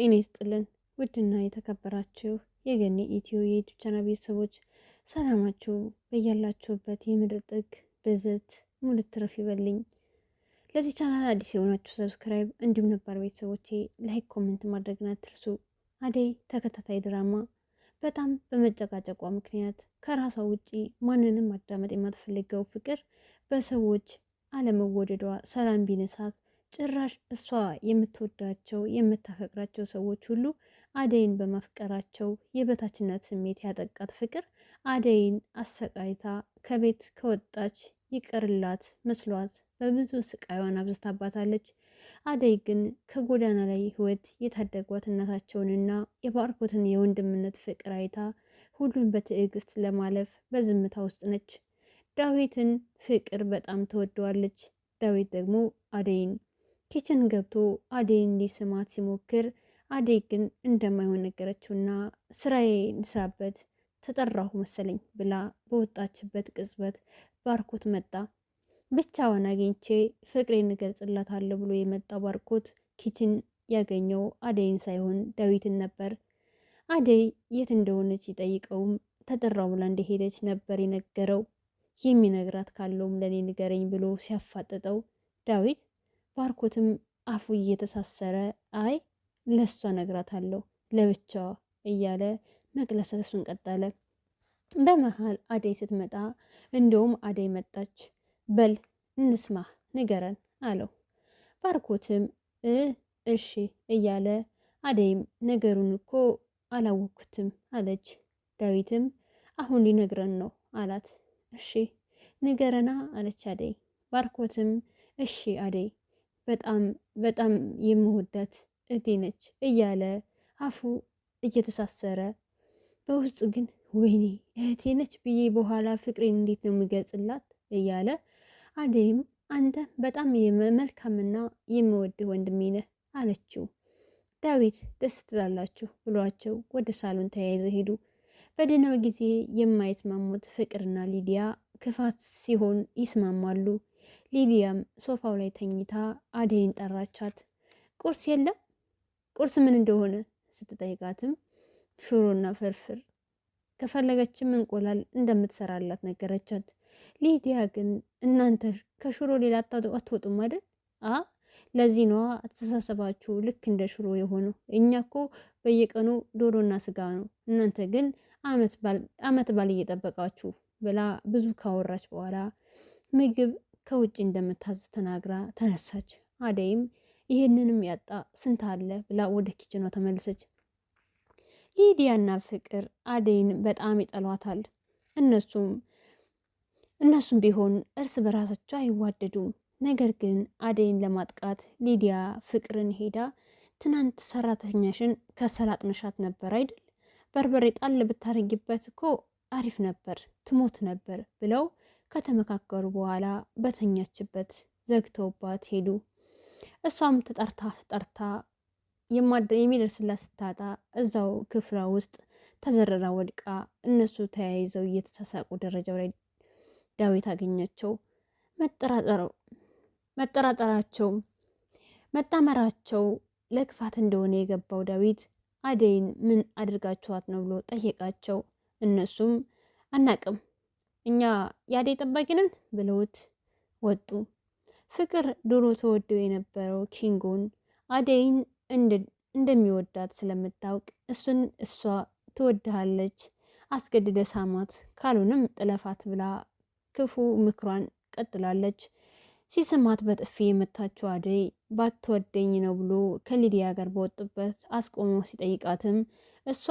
ጤና ይስጥልን ውድና የተከበራችሁ የገኒ ኢትዮ የዩቱብ ቻናል ቤተሰቦች ሰላማችሁ በያላችሁበት የምድር ጥግ ብዝት ሙሉ ትረፍ ይበልኝ። ለዚህ ቻናል አዲስ የሆናችሁ ሰብስክራይብ፣ እንዲሁም ነባር ቤተሰቦቼ ላይክ፣ ኮሜንት ማድረግን አትርሱ። አደይ ተከታታይ ድራማ በጣም በመጨቃጨቋ ምክንያት ከራሷ ውጪ ማንንም ማዳመጥ የማትፈልገው ፍቅር በሰዎች አለመወደዷ ሰላም ቢነሳት ጭራሽ እሷ የምትወዳቸው የምታፈቅራቸው ሰዎች ሁሉ አደይን በማፍቀራቸው የበታችነት ስሜት ያጠቃት ፍቅር አደይን አሰቃይታ ከቤት ከወጣች ይቅርላት መስሏት በብዙ ስቃይዋን አብዝታባታለች። አደይ ግን ከጎዳና ላይ ህይወት የታደጓት እናታቸውንና የባርኮትን የወንድምነት ፍቅር አይታ ሁሉን በትዕግስት ለማለፍ በዝምታ ውስጥ ነች። ዳዊትን ፍቅር በጣም ትወደዋለች። ዳዊት ደግሞ አደይን ኪችን ገብቶ አደይ እንዲስማት ሲሞክር አደይ ግን እንደማይሆን ነገረችውና ስራዬ ንስራበት ተጠራሁ መሰለኝ ብላ በወጣችበት ቅጽበት ባርኮት መጣ። ብቻዋን አግኝቼ ፍቅሬ እገልጽላታለሁ ብሎ የመጣው ባርኮት ኪችን ያገኘው አደይን ሳይሆን ዳዊትን ነበር። አደይ የት እንደሆነች ይጠይቀውም ተጠራው ብላ እንደሄደች ነበር የነገረው። የሚነግራት ካለውም ለእኔ ንገረኝ ብሎ ሲያፋጥጠው ዳዊት ባርኮትም አፉ እየተሳሰረ አይ ለሷ ነግራታለሁ ለብቻዋ እያለ እሱን ቀጠለ። በመሀል አደይ ስትመጣ እንደውም አደይ መጣች፣ በል እንስማ ንገረን አለው። ባርኮትም እ እሺ እያለ አደይም ነገሩን እኮ አላወኩትም አለች። ዳዊትም አሁን ሊነግረን ነው አላት። እሺ ንገረና አለች አደይ። ባርኮትም እሺ አደይ በጣም በጣም የምወዳት እህቴ ነች እያለ አፉ እየተሳሰረ በውስጡ ግን ወይኔ እህቴ ነች ብዬ በኋላ ፍቅሬን እንዴት ነው የምገልጽላት እያለ አደይም አንተ በጣም መልካምና የምወድህ ወንድሜ ነህ አለችው። ዳዊት ደስ ትላላችሁ ብሏቸው ወደ ሳሎን ተያይዘው ሄዱ። በደህናው ጊዜ የማይስማሙት ፍቅርና ሊዲያ ክፋት ሲሆን ይስማማሉ። ሊሊያም ሶፋው ላይ ተኝታ አደይን ጠራቻት። ቁርስ የለም ቁርስ ምን እንደሆነ ስትጠይቃትም ሽሮና ፍርፍር ከፈለገችም እንቁላል እንደምትሰራላት ነገረቻት። ሊዲያ ግን እናንተ ከሽሮ ሌላ አትወጡም አይደል? አ ለዚህ ነዋ አስተሳሰባችሁ ልክ እንደ ሽሮ የሆነው። እኛ እኮ በየቀኑ ዶሮና ስጋ ነው፣ እናንተ ግን አመት በዓል እየጠበቃችሁ ብላ ብዙ ካወራች በኋላ ምግብ ከውጭ እንደምታዝ ተናግራ ተነሳች። አደይም ይህንንም ያጣ ስንት አለ ብላ ወደ ኪችኗ ተመለሰች። ሊዲያና ፍቅር አደይን በጣም ይጠሏታል። እነሱም እነሱም ቢሆን እርስ በራሳቸው አይዋደዱም። ነገር ግን አደይን ለማጥቃት ሊዲያ ፍቅርን ሄዳ ትናንት ሰራተኛሽን ከሰላጥነሻት ነበር አይደል? በርበሬ ጣል ብታረጊበት እኮ አሪፍ ነበር፣ ትሞት ነበር ብለው ከተመካከሩ በኋላ በተኛችበት ዘግተውባት ሄዱ። እሷም ተጠርታ ተጠርታ የሚደርስላት ስታጣ እዛው ክፍሏ ውስጥ ተዘረራ ወድቃ፣ እነሱ ተያይዘው እየተሳሳቁ ደረጃው ላይ ዳዊት አገኛቸው። መጠራጠራቸው መጣመራቸው ለክፋት እንደሆነ የገባው ዳዊት አደይን ምን አድርጋችኋት ነው ብሎ ጠየቃቸው። እነሱም አናቅም እኛ ያደይ ጠባቂ ብለውት ወጡ። ፍቅር ድሮ ተወደው የነበረው ኪንጎን አደይን እንደሚወዳት ስለምታውቅ እሱን እሷ ትወድሃለች፣ አስገድደ ሳማት፣ ካልሆነም ጥለፋት ብላ ክፉ ምክሯን ቀጥላለች። ሲስማት በጥፊ የመታችው አደይ ባትወደኝ ነው ብሎ ከሊዲያ ጋር በወጡበት አስቆሞ ሲጠይቃትም እሷ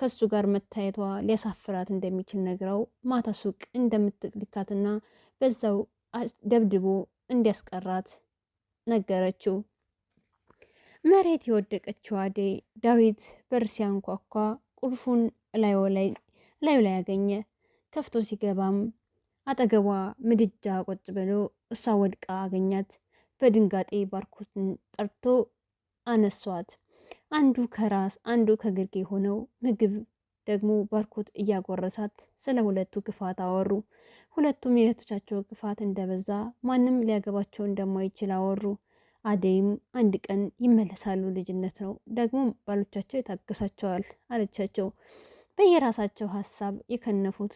ከሱ ጋር መታየቷ ሊያሳፍራት እንደሚችል ነግረው ማታ ሱቅ እንደምትልካትና በዛው ደብድቦ እንዲያስቀራት ነገረችው። መሬት የወደቀችው አደይ ዳዊት በር ሲያንኳኳ ቁልፉን ላዩ ላይ ያገኘ። ከፍቶ ሲገባም አጠገቧ ምድጃ ቆጭ ብሎ እሷ ወድቃ አገኛት። በድንጋጤ ባርኮትን ጠርቶ አነሷት። አንዱ ከራስ አንዱ ከግርጌ ሆነው ምግብ ደግሞ ባርኮት እያጎረሳት ስለ ሁለቱ ክፋት አወሩ። ሁለቱም የእህቶቻቸው ክፋት እንደበዛ ማንም ሊያገባቸው እንደማይችል አወሩ። አደይም አንድ ቀን ይመለሳሉ፣ ልጅነት ነው ደግሞ ባሎቻቸው ይታገሳቸዋል አለቻቸው። በየራሳቸው ሀሳብ የከነፉት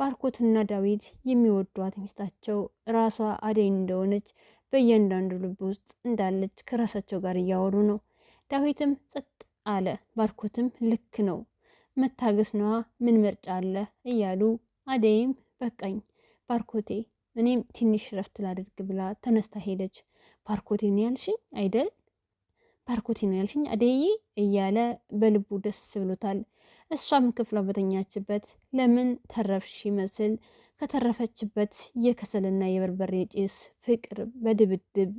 ባርኮትና ዳዊት የሚወዷት ሚስታቸው ራሷ አደይ እንደሆነች በእያንዳንዱ ልብ ውስጥ እንዳለች ከራሳቸው ጋር እያወሩ ነው። ዳዊትም ጸጥ አለ። ባርኮትም ልክ ነው መታገስ ነዋ፣ ምን ምርጫ አለ እያሉ አደይም በቃኝ ባርኮቴ፣ እኔም ትንሽ ረፍት ላድርግ ብላ ተነስታ ሄደች። ባርኮቴን ያልሽኝ አይደል ባርኮቲ ነው ያልሽኝ አደይ እያለ በልቡ ደስ ብሎታል። እሷም ክፍሏ በተኛችበት ለምን ተረፍሽ ይመስል ከተረፈችበት የከሰልና የበርበሬ ጭስ ፍቅር በድብድብ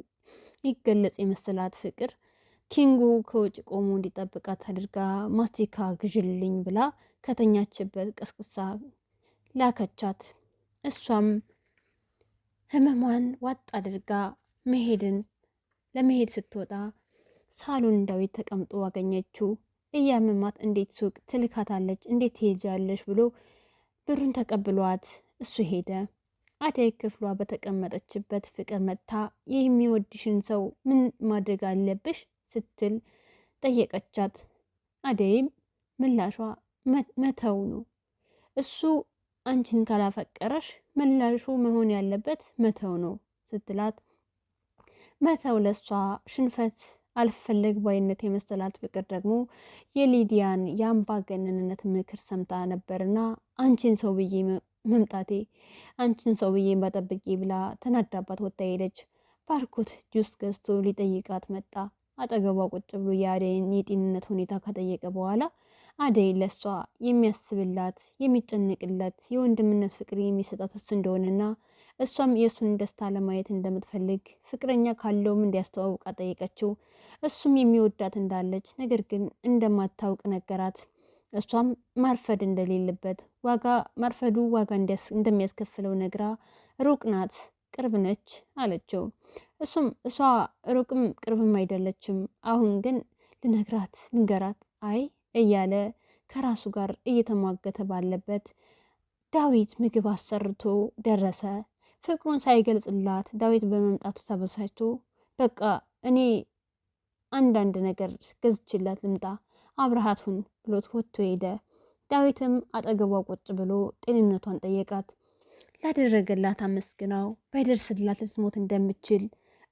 ይገለጽ የመሰላት ፍቅር ኪንጉ ከውጭ ቆሞ እንዲጠብቃት አድርጋ ማስቲካ ግዥልኝ ብላ ከተኛችበት ቀስቅሳ ላከቻት። እሷም ህመሟን ዋጥ አድርጋ መሄድን ለመሄድ ስትወጣ ሳሎን ዳዊት ተቀምጦ አገኘችው። እያመማት እንዴት ሱቅ ትልካታለች እንዴት ትሄጃለች ብሎ ብሩን ተቀብሏት እሱ ሄደ። አደይ ክፍሏ በተቀመጠችበት ፍቅር መጥታ የሚወድሽን ሰው ምን ማድረግ አለብሽ ስትል ጠየቀቻት። አደይም ምላሿ መተው ነው። እሱ አንቺን ካላፈቀረሽ ምላሹ መሆን ያለበት መተው ነው ስትላት መተው ለሷ ሽንፈት አልፈለግ ባይነት የመሰላት ፍቅር ደግሞ የሊዲያን የአምባገነንነት ምክር ሰምታ ነበርና አንቺን ሰው ብዬ መምጣቴ አንቺን ሰው ብዬ ባጠብቄ ብላ ተናዳባት ወጥታ ሄደች። ባርኮት ጁስ ገዝቶ ሊጠይቃት መጣ። አጠገቧ ቁጭ ብሎ የአደይን የጤንነት ሁኔታ ከጠየቀ በኋላ አደይ ለሷ የሚያስብላት የሚጨንቅላት የወንድምነት ፍቅር የሚሰጣት እሱ እንደሆነና እሷም የእሱን ደስታ ለማየት እንደምትፈልግ ፍቅረኛ ካለውም እንዲያስተዋውቃ ጠየቀችው። እሱም የሚወዳት እንዳለች ነገር ግን እንደማታውቅ ነገራት። እሷም ማርፈድ እንደሌለበት ዋጋ ማርፈዱ ዋጋ እንደሚያስከፍለው ነግራ ሩቅ ናት ቅርብ ነች አለችው። እሱም እሷ ሩቅም ቅርብም አይደለችም፣ አሁን ግን ልነግራት ልንገራት አይ እያለ ከራሱ ጋር እየተሟገተ ባለበት ዳዊት ምግብ አሰርቶ ደረሰ። ፍቅሩን ሳይገልጽላት ዳዊት በመምጣቱ ተበሳጭቶ በቃ እኔ አንዳንድ ነገር ገዝችላት ልምጣ አብረሃቱን ብሎት ወጥቶ ሄደ። ዳዊትም አጠገቧ ቁጭ ብሎ ጤንነቷን ጠየቃት። ላደረገላት አመስግናው ባይደርስላት ልትሞት እንደምችል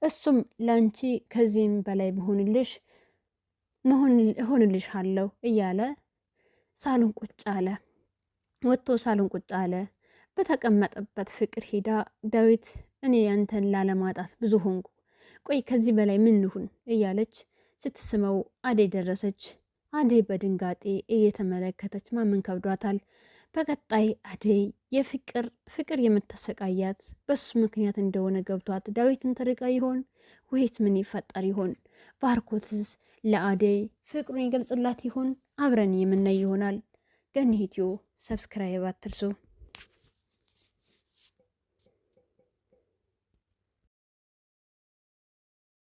እሱም ለአንቺ ከዚህም በላይ መሆንልሽ እሆንልሽ አለው እያለ ሳሎን ቁጭ አለ። ወጥቶ ሳሎን ቁጭ አለ። በተቀመጠበት ፍቅር ሄዳ ዳዊት እኔ ያንተን ላለማጣት ብዙ ሆንኩ፣ ቆይ ከዚህ በላይ ምን ልሁን እያለች ስትስመው አደይ ደረሰች። አደይ በድንጋጤ እየተመለከተች ማመን ከብዷታል። በቀጣይ አደይ የፍቅር ፍቅር የምታሰቃያት በሱ ምክንያት እንደሆነ ገብቷት ዳዊትን ትርቃ ይሆን ወይስ ምን ይፈጠር ይሆን? ባርኮትስ ለአደይ ፍቅሩን ይገልጽላት ይሆን? አብረን የምናይ ይሆናል። ኢትዮ ሰብስክራይብ አትርሱ።